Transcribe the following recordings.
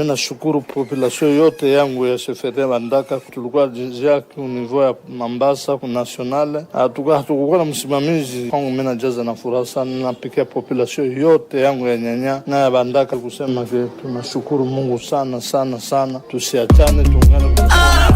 Mi nashukuru populasion yote yangu ya sefere Bandaka, tulikuwa jak niveau ya Mambasa nationale, ah, hatukukuwa na msimamizi kwangu. Mi najaza na furaha sana, napikia populasio yote yangu ya nyanya na ya Bandaka kusema ke tunashukuru Mungu sana sana sana, tusiachane, tuungane. Ah,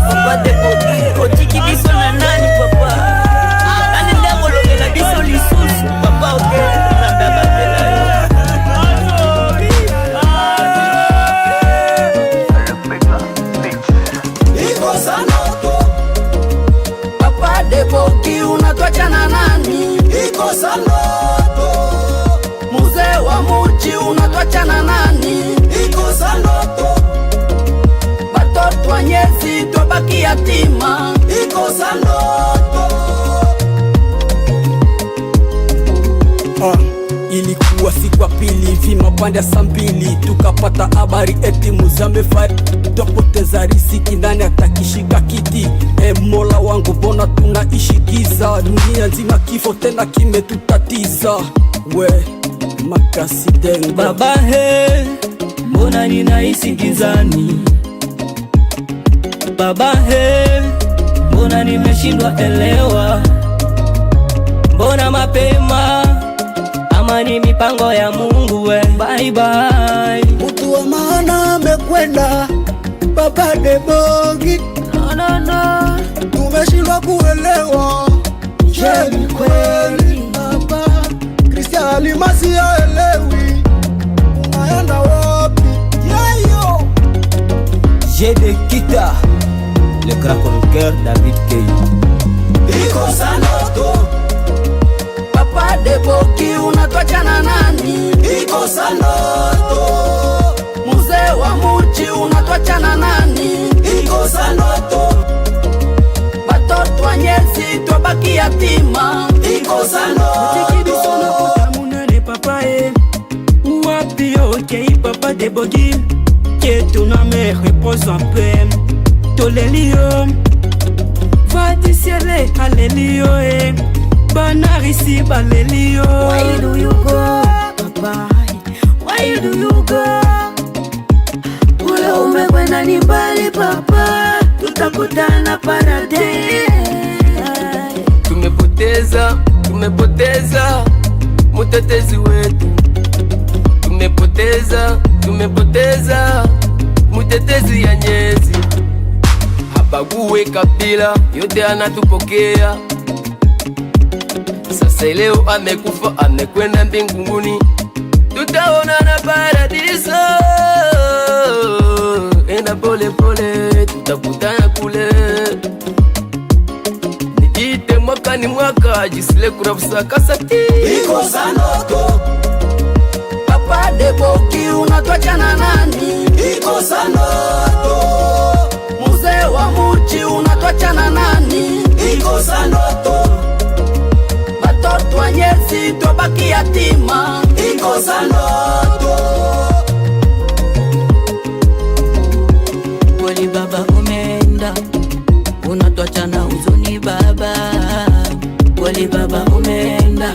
hatuwezi twabaki yatima, ikosa ndoto. Ah. ilikuwa siku ya pili vima pande ya saa mbili tukapata habari eti Muzambe fariki, twapoteza riziki, nani atakishika kiti? E Mola wangu, mbona tunaishikiza Dunia nzima kifo tena kimetutatiza. We makasi dengo baba, he mbona ninaishi gizani Baba he, mbona nimeshindwa elewa? Mbona mapema? Ama ni mipango ya Mungu we? Bye bye, mtu wa maana amekwenda Baba Debongi. No, no, no. Tumeshindwa kuelewa, je ni kweli Baba Kristian Almasi haelewi unaenda wapi? Yeyo jedekita le chroniqueur David Gueye. Papa Deboki unatwachana nani? Iko Sanoto. Mzee wa muji unatwachana nani? Iko Sanoto. Batoto wanyezi twabaki yatima. Iko Sanoto. Wapi okay, papa Deboki, que ton âme repose toleli yo vadisiele aleli yo e eh. banarisi baleli yo Why do you go, Why do you go? Ule ni mbali papa, Tumepoteza, tumepoteza mutetezi wetu, tumepoteza, tumepoteza mutetezi ya nyezi bague kabila yote anatupokea. Sasa leo amekufa amekwenda mbinguni, tutaona na paradiso. Enda pole pole, tutakutana kule. Nijite mwaka ni mwaka jisile sanoko kubaki yatima ikosa ndoto. Kweli baba, umeenda unatwacha na huzuni baba. Kweli baba, umeenda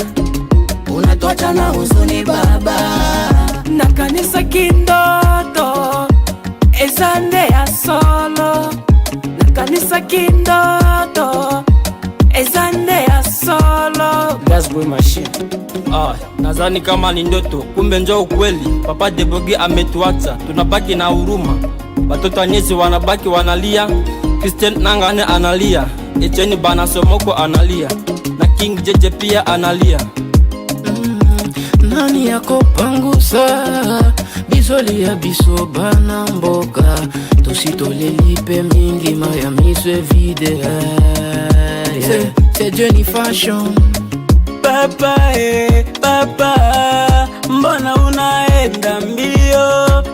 unatwacha na huzuni baba, na kanisa kindoto ezande ya solo na kanisa kindoto boy machine. Ah, nazani kama ni ndoto, kumbe njo ukweli. Papa Deboge ametuacha, tunabaki na huruma. Watoto anyezi wanabaki wanalia, Christian Nangane analia, Echeni bana Somoko analia na King Jeje pia analia. Nani yako pangusa bizoli ya biso bana mboka tositolelipe milima ya miswe vide yeah. C'est Johnny Fashion hapa eh, papa mbona unaenda mbio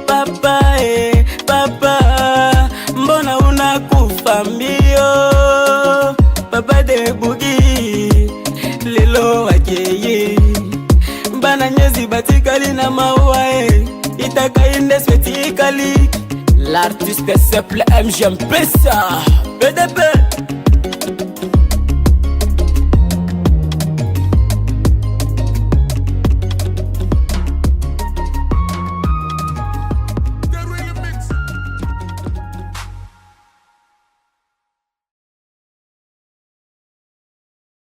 papa eh, papa mbona unakufa mbio papa debugi lelo wajeye eh. bana nyezi batikali na maua eh, itakainde swetikali l'artiste simple MGM pesa BDP